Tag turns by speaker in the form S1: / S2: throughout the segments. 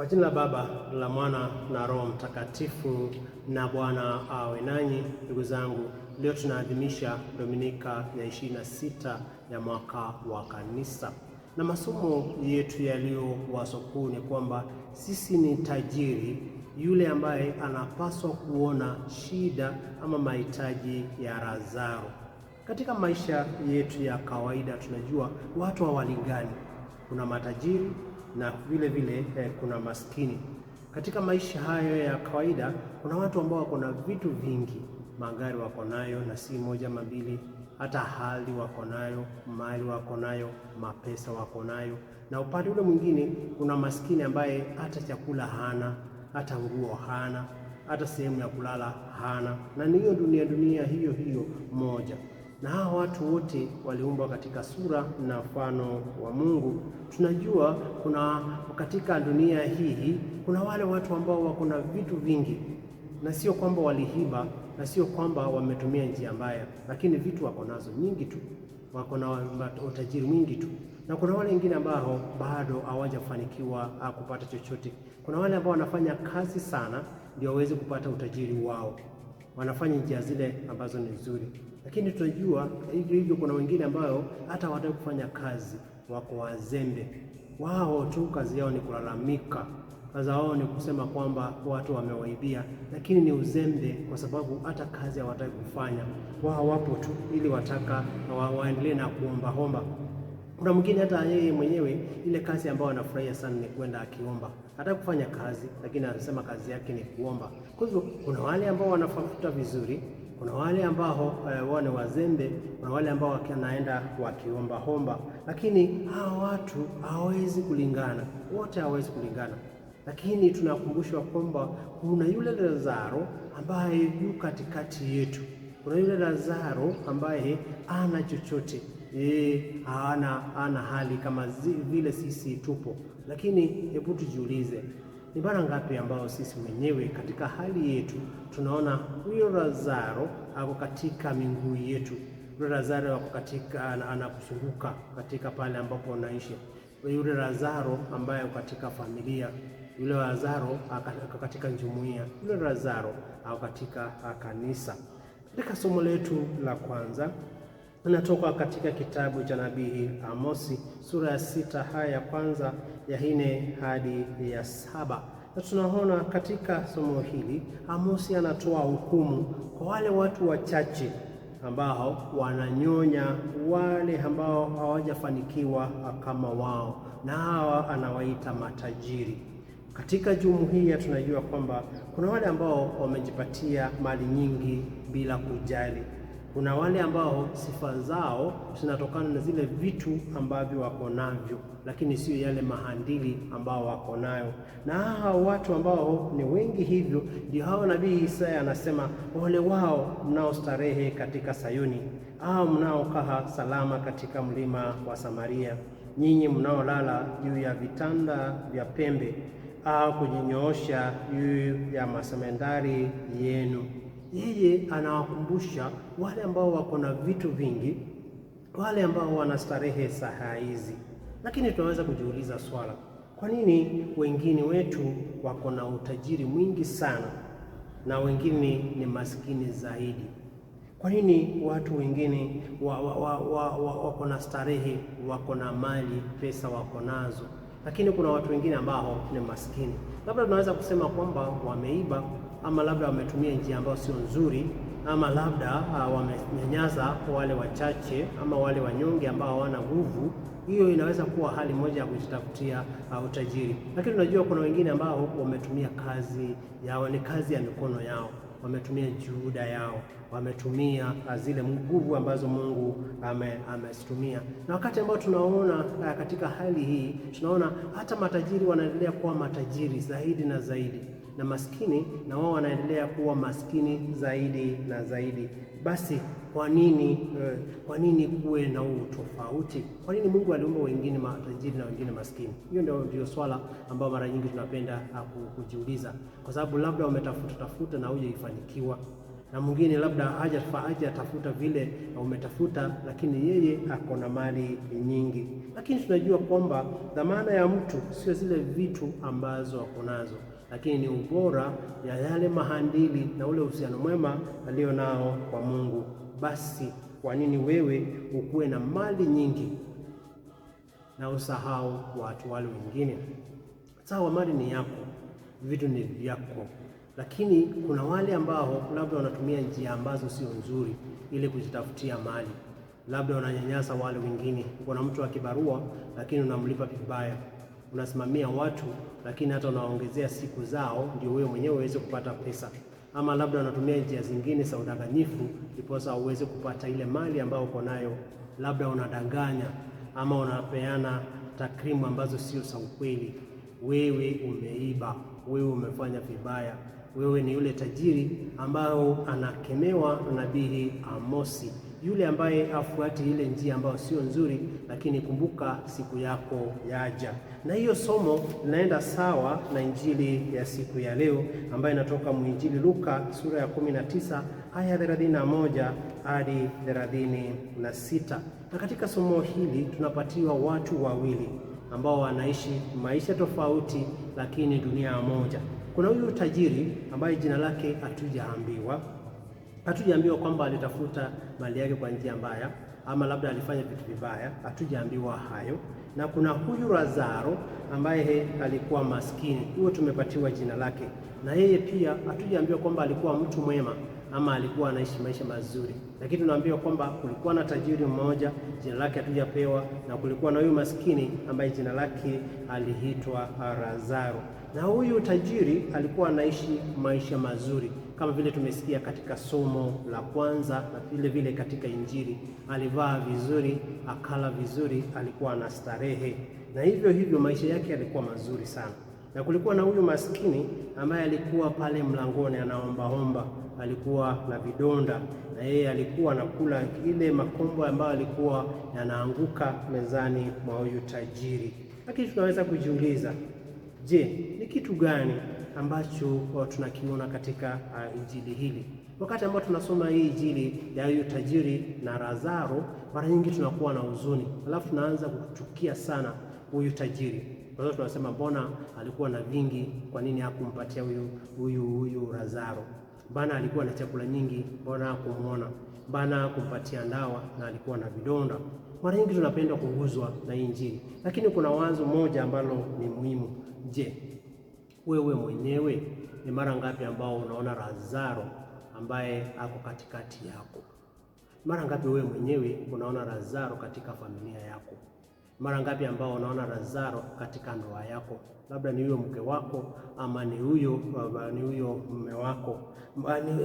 S1: Kwa jina la Baba la Mwana na Roho Mtakatifu. Na Bwana awe nanyi. Ndugu zangu, leo tunaadhimisha Dominika ya ishirini na sita ya mwaka wa Kanisa, na masomo yetu yaliyo wazo kuu ni kwamba sisi ni tajiri yule ambaye anapaswa kuona shida ama mahitaji ya Lazaro. Katika maisha yetu ya kawaida tunajua watu hawalingani, kuna matajiri na vile vile eh, kuna maskini. Katika maisha hayo ya kawaida, kuna watu ambao wako na vitu vingi, magari wako nayo na si moja mabili, hata hali wako nayo, mali wako nayo, mapesa wako nayo, na upande ule mwingine kuna maskini ambaye hata chakula hana, hata nguo hana, hata sehemu ya kulala hana, na hiyo dunia dunia hiyo hiyo moja na hawa watu wote waliumbwa katika sura na mfano wa Mungu. Tunajua kuna katika dunia hii kuna wale watu ambao wako na vitu vingi, na sio kwamba walihiba na sio kwamba wametumia njia mbaya, lakini vitu wako nazo nyingi tu, wako na utajiri mwingi tu, na kuna wale wengine ambao bado hawajafanikiwa kupata chochote. Kuna wale ambao wanafanya kazi sana ndio waweze kupata utajiri wao wanafanya njia zile ambazo ni nzuri, lakini tunajua hivyo hivyo, kuna wengine ambao hata hawataki kufanya kazi, wako wazembe. Wao tu kazi yao ni kulalamika, kazi yao ni kusema kwamba watu wamewaibia, lakini ni uzembe, kwa sababu hata kazi hawataki kufanya. Wao wapo tu ili wataka waendelee na kuombaomba. Kuna mwingine hata yeye mwenyewe ile kazi ambayo anafurahia sana ni kwenda akiomba, hata kufanya kazi, lakini anasema kazi yake ni kuomba. Kwa hivyo kuna wale ambao wanafuta vizuri, kuna wale ambao uh, ni wazembe, kuna wale ambao wanaenda wakiomba homba, lakini hawa watu hawawezi kulingana, wote hawawezi kulingana. Lakini tunakumbushwa kwamba kuna yule Lazaro ambaye yu katikati yetu. Kuna yule Lazaro ambaye ana chochote e, ana, ana hali kama vile sisi tupo, lakini hebu tujiulize ni mara ngapi ambao sisi mwenyewe katika hali yetu tunaona huyo Lazaro ako katika minguu yetu, yule Lazaro ako katika anakusunguka katika pale ambapo unaishi, yule Lazaro ambaye ako katika familia, yule Lazaro ako katika jumuiya, yule Lazaro ako katika kanisa. Katika somo letu la kwanza inatoka katika kitabu cha nabii Amosi sura ya sita haya ya kwanza ya nne hadi ya saba na tunaona katika somo hili Amosi anatoa hukumu kwa wale watu wachache ambao wananyonya wale ambao hawajafanikiwa kama wao, na hawa anawaita matajiri. Katika jumuiya tunajua kwamba kuna wale ambao wamejipatia mali nyingi bila kujali. Kuna wale ambao sifa zao zinatokana na zile vitu ambavyo wako navyo, lakini sio yale mahandili ambao wako nayo, na hao watu ambao ni wengi hivyo, ndio hao Nabii Isaya anasema ole wao mnaostarehe katika Sayuni, au mnaokaa salama katika mlima wa Samaria, nyinyi mnaolala juu ya vitanda vya pembe au kujinyoosha juu ya masemendari yenu. Yeye anawakumbusha wale ambao wako na vitu vingi, wale ambao wana starehe saa hizi. Lakini tunaweza kujiuliza swala, kwa nini wengine wetu wako na utajiri mwingi sana na wengine ni maskini zaidi? Kwa nini watu wengine wa, wa, wa, wa, wa, wako na starehe, wako na mali, pesa wako nazo lakini kuna watu wengine ambao ni maskini, labda tunaweza kusema kwamba wameiba ama labda wametumia njia ambayo sio nzuri ama labda uh, wamenyanyaza wale wachache ama wale wanyonge ambao hawana nguvu. Hiyo inaweza kuwa hali moja ya kujitafutia uh, utajiri, lakini tunajua kuna wengine ambao wametumia kazi yao, ni kazi ya mikono yao wametumia juhuda yao, wametumia uh, zile nguvu ambazo Mungu amezitumia ame, na wakati ambao tunaona uh, katika hali hii tunaona hata matajiri wanaendelea kuwa matajiri zaidi na zaidi na maskini, na wao wanaendelea kuwa maskini zaidi na zaidi. Basi kwa nini eh, kwa nini kuwe na huu tofauti? Kwa nini Mungu aliumba wengine matajiri na wengine maskini? Hiyo ndio ndio swala ambayo mara nyingi tunapenda ah, kujiuliza, kwa sababu labda umetafuta tafuta na hujaifanikiwa na mwingine labda haja vile umetafuta, lakini yeye ako na mali nyingi. Lakini tunajua kwamba dhamana ya mtu sio zile vitu ambazo ako nazo lakini ni ubora ya yale mahandili na ule uhusiano mwema aliyo nao kwa Mungu. Basi kwa nini wewe ukuwe na mali nyingi na usahau watu wale wengine? Sawa, mali ni yako, vitu ni vyako, lakini kuna wale ambao labda wanatumia njia ambazo sio nzuri ili kujitafutia mali, labda wananyanyasa wale wengine. Kuna mtu akibarua, kibarua, lakini unamlipa vibaya unasimamia watu, lakini hata unawaongezea siku zao, ndio wewe mwenyewe uweze kupata pesa, ama labda unatumia njia zingine za udanganyifu, ndiposa uweze kupata ile mali ambayo uko nayo. Labda unadanganya ama unapeana takrimu ambazo sio za ukweli. Wewe umeiba, wewe umefanya vibaya, wewe ni yule tajiri ambao anakemewa nabii Amosi yule ambaye afuati ile njia ambayo sio nzuri, lakini kumbuka siku yako yaja. Na hiyo somo linaenda sawa na injili ya siku ya leo ambayo inatoka mwinjili Luka sura ya 19 aya 31 hadi 36. Na katika somo hili tunapatiwa watu wawili ambao wanaishi maisha tofauti, lakini dunia moja. Kuna huyu tajiri ambaye jina lake hatujaambiwa Hatujaambiwa kwamba alitafuta mali yake kwa njia mbaya ama labda alifanya vitu vibaya, hatujaambiwa hayo. Na kuna huyu Lazaro ambaye alikuwa maskini, huyo tumepatiwa jina lake, na yeye pia hatujaambiwa kwamba alikuwa mtu mwema ama alikuwa anaishi maisha mazuri, lakini tunaambiwa kwamba kulikuwa na tajiri mmoja jina lake hatujapewa, na kulikuwa na huyu maskini ambaye jina lake aliitwa Lazaro, na huyu tajiri alikuwa anaishi maisha mazuri kama vile tumesikia katika somo la kwanza na vile vile katika Injili, alivaa vizuri, akala vizuri, alikuwa na starehe, na hivyo hivyo maisha yake yalikuwa mazuri sana. Na kulikuwa na huyu maskini ambaye alikuwa pale mlangoni anaombaomba, alikuwa na vidonda, na yeye alikuwa anakula ile makombo ambayo alikuwa yanaanguka mezani mwa huyu tajiri. Lakini tunaweza kujiuliza, je, ni kitu gani ambacho uh, tunakiona katika uh, injili hili. Wakati ambao tunasoma hii injili ya huyu tajiri na Lazaro, mara nyingi tunakuwa na huzuni, alafu tunaanza kuchukia sana huyu tajiri. Kwa hiyo tunasema mbona alikuwa na vingi, kwa nini hakumpatia huyu huyu huyu Lazaro? Bana alikuwa na chakula nyingi, mbona hakumwona? Bana kumpatia dawa na alikuwa na vidonda. Mara nyingi tunapenda kuguzwa na injili, lakini kuna wazo moja ambalo ni muhimu. Je, wewe mwenyewe? Ni mara ngapi ambao unaona Lazaro ambaye ako katikati yako? Mara ngapi wewe mwenyewe unaona Lazaro katika familia yako? Mara ngapi ambao unaona Lazaro katika ndoa yako? Labda ni huyo mke wako ama ni huyo ni huyo mume wako.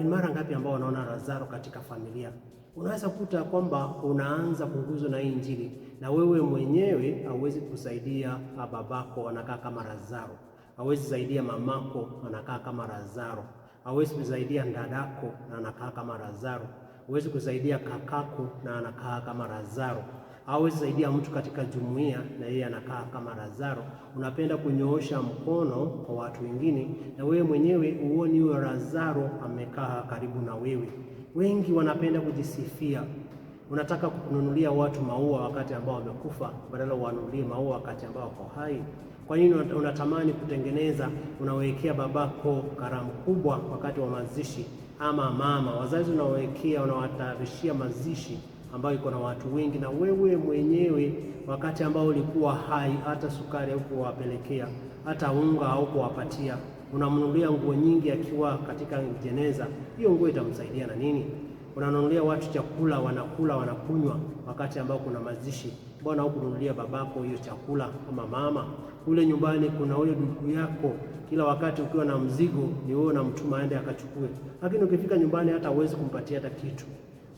S1: Mara ngapi ambao unaona Lazaro katika familia? Unaweza kukuta kwamba unaanza kuguzwa na Injili na wewe mwenyewe hauwezi kusaidia babako, anakaa kama Lazaro hawezi zaidia mamako anakaa kama Lazaro, hawezi kuzaidia dadako na anakaa kama Lazaro, hawezi kuzaidia kakako na anakaa kama Lazaro, hawezi zaidia mtu katika jumuiya na yeye anakaa kama Lazaro. Unapenda kunyoosha mkono kwa watu wengine, na wewe mwenyewe uoni huyo Lazaro amekaa karibu na wewe. Wengi wanapenda kujisifia unataka kununulia watu maua wakati ambao wamekufa, badala wanunulie maua wakati ambao wako hai. Kwa nini unatamani kutengeneza, unawekea babako karamu kubwa wakati wa mazishi, ama mama, wazazi unawekea, unawatayarishia mazishi ambayo iko na watu wengi, na wewe mwenyewe wakati ambao ulikuwa hai, hata sukari haukuwapelekea, hata unga haukuwapatia, unamnunulia nguo nyingi akiwa katika jeneza. Hiyo nguo itamsaidia na nini? Unanunulia watu chakula, wanakula wanakunywa, wakati ambao kuna mazishi. Mbona hukununulia babako hiyo chakula ama mama? kule nyumbani kuna ule duku yako, kila wakati ukiwa na mzigo ni wewe unamtuma aende akachukue, lakini ukifika nyumbani hata huwezi kumpatia hata kitu,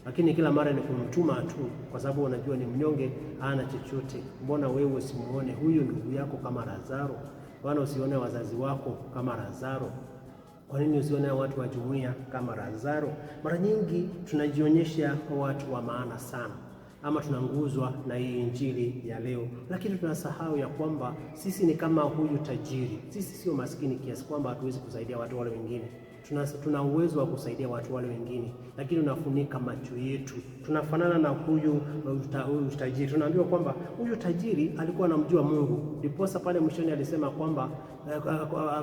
S1: lakini kila mara ni kumtuma tu, kwa sababu unajua ni mnyonge, hana chochote. Mbona wewe usimuone huyo ndugu yako kama lazaro? Mbona usione wazazi wako kama lazaro? Kwa nini usione watu wa jumuiya kama lazaro? Mara nyingi tunajionyesha watu wa maana sana ama tunanguzwa na hii injili ya leo, lakini tunasahau ya kwamba sisi ni kama huyu tajiri. Sisi sio maskini kiasi kwamba hatuwezi kusaidia watu wale wengine. Tuna, tuna uwezo wa kusaidia watu wale wengine, lakini tunafunika macho yetu. Tunafanana na huyu huyu tajiri. Tunaambiwa kwamba huyu tajiri alikuwa anamjua Mungu, ndiposa pale mwishoni alisema kwamba eh,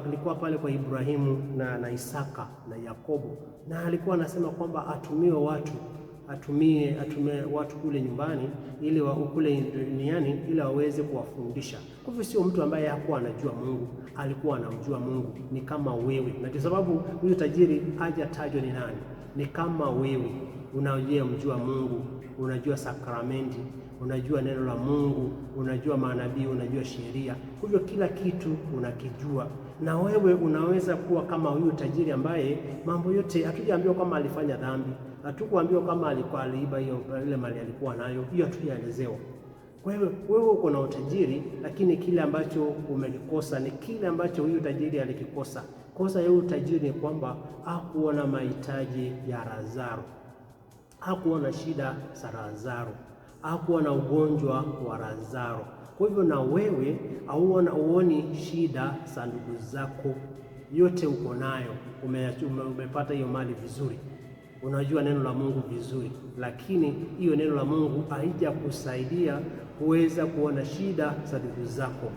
S1: alikuwa pale kwa Ibrahimu na, na Isaka na Yakobo, na alikuwa anasema kwamba atumiwe watu atumie atumie watu kule nyumbani ili wa kule duniani ili waweze kuwafundisha. Kwa hivyo sio mtu ambaye hakuwa anajua Mungu, alikuwa anamjua Mungu, ni kama wewe, na kwa sababu huyu tajiri hajatajwa ni nani, ni kama wewe unayemjua Mungu, unajua sakramenti, unajua neno la Mungu, unajua manabii, unajua sheria. Kwa hivyo kila kitu unakijua na wewe unaweza kuwa kama huyu tajiri ambaye mambo yote, hatujaambiwa kama alifanya dhambi hatukuambiwa kama alikuwa aliiba hiyo ile mali alikuwa nayo, hiyo hatujaelezewa. Kwa hiyo wewe uko na utajiri, lakini kile ambacho umekikosa ni kile ambacho huyu tajiri alikikosa. Kosa ya utajiri tajiri ni kwamba hakuona mahitaji ya Lazaro, hakuona shida za Lazaro, hakuona na ugonjwa wa Lazaro. Kwa hivyo na wewe hauona, uoni shida za ndugu zako, yote uko nayo, umepata hiyo mali vizuri unajua neno la Mungu vizuri, lakini hiyo neno la Mungu kusaidia kuweza kuona shida za ndugu zako,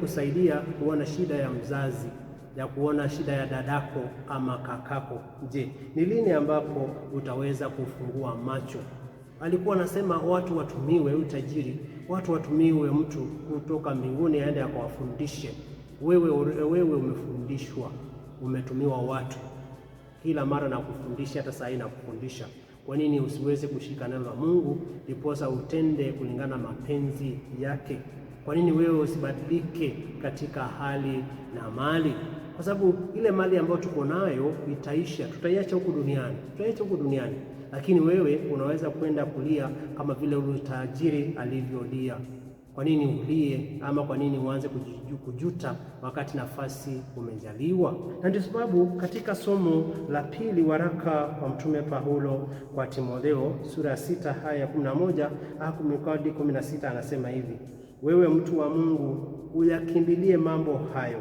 S1: kusaidia kuona shida ya mzazi ya kuona shida ya dadako ama kakako. Je, ni lini ambapo utaweza kufungua macho? Alikuwa anasema watu watumiwe, huyu tajiri, watu watumiwe, mtu kutoka mbinguni aende akawafundishe. Wewe, wewe umefundishwa, umetumiwa watu kila mara na kufundisha, hata saa hii na kufundisha. Kwa nini usiweze kushika neno la Mungu ndiposa utende kulingana na mapenzi yake? Kwa nini wewe usibadilike katika hali na mali? Kwa sababu ile mali ambayo tuko nayo itaisha, tutaiacha huku duniani, tutaiacha huku duniani, lakini wewe unaweza kwenda kulia kama vile huyu tajiri alivyolia. Kwa nini ulie ama kwa nini uanze kujuta wakati nafasi umejaliwa? Na ndio sababu katika somo la pili waraka wa Mtume Paulo kwa Timotheo sura ya sita haya ya kumi na moja hadi kumi na sita anasema hivi: wewe mtu wa Mungu uyakimbilie mambo hayo,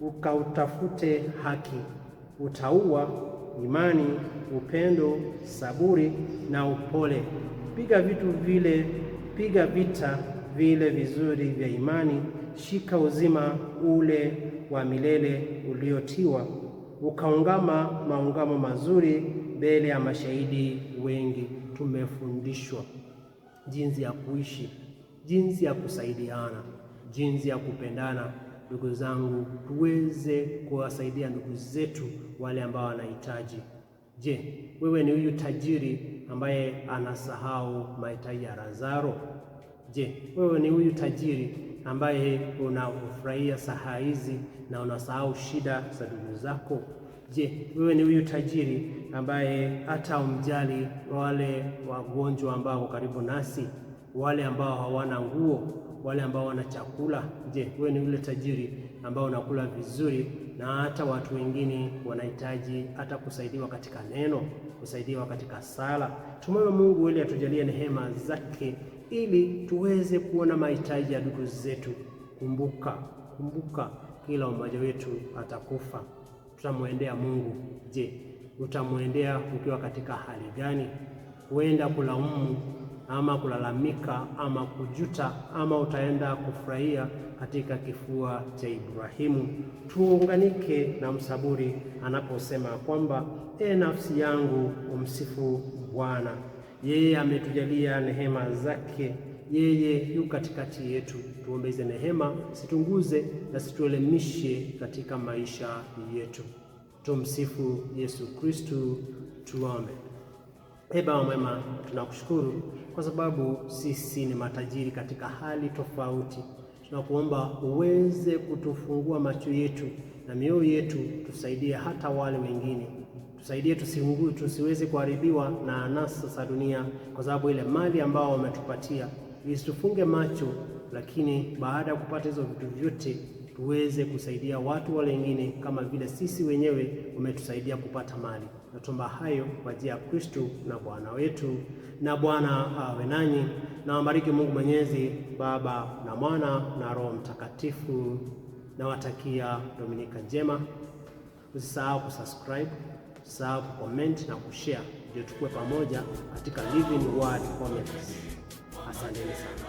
S1: ukautafute haki, utaua imani, upendo, saburi na upole. Piga vitu vile, piga vita vile vizuri vya imani, shika uzima ule wa milele uliotiwa ukaungama maungamo mazuri mbele ya mashahidi wengi. Tumefundishwa jinsi ya kuishi, jinsi ya kusaidiana, jinsi ya kupendana. Ndugu zangu, tuweze kuwasaidia ndugu zetu wale ambao wanahitaji. Je, wewe ni huyu tajiri ambaye anasahau mahitaji ya Lazaro? Je, wewe ni huyu tajiri ambaye unafurahia saha hizi na unasahau shida za ndugu zako? Je, wewe ni huyu tajiri ambaye hata umjali wale wagonjwa ambao wako karibu nasi, wale ambao hawana nguo, wale ambao wana chakula? Je, wewe ni yule tajiri ambao unakula vizuri na hata watu wengine wanahitaji hata kusaidiwa katika neno, kusaidiwa katika sala? Tumewe Mungu ili atujalie neema zake ili tuweze kuona mahitaji ya ndugu zetu. Kumbuka, kumbuka kila mmoja wetu atakufa, tutamwendea Mungu. Je, utamwendea ukiwa katika hali gani? Huenda kulaumu ama kulalamika ama kujuta ama utaenda kufurahia katika kifua cha Ibrahimu. Tuunganike na msaburi anaposema kwamba e, nafsi yangu umsifu Bwana. Yeye ametujalia nehema zake, yeye yu katikati yetu. Tuombe hizo situnguze na situelemishe katika maisha yetu. Tumsifu Yesu Kristu. Tuombe. Ee Baba mwema, tunakushukuru kwa sababu sisi ni matajiri katika hali tofauti. Tunakuomba uweze kutufungua macho yetu na mioyo yetu, tusaidie hata wale wengine tusaidie tusiungue, tusiweze kuharibiwa na anasa za dunia, kwa sababu ile mali ambao wametupatia isitufunge macho, lakini baada ya kupata hizo vitu vyote tuweze kusaidia watu wale wengine kama vile sisi wenyewe umetusaidia kupata mali. Natomba hayo kwa njia ya Kristo na Bwana wetu. Na Bwana awe nanyi na wabariki Mungu Mwenyezi, Baba na Mwana na Roho Mtakatifu. Nawatakia Dominika njema. Usisahau kusubscribe Usisahau kucomment na kushare ndio tukue pamoja katika Living Word Comments. Asanteni sana.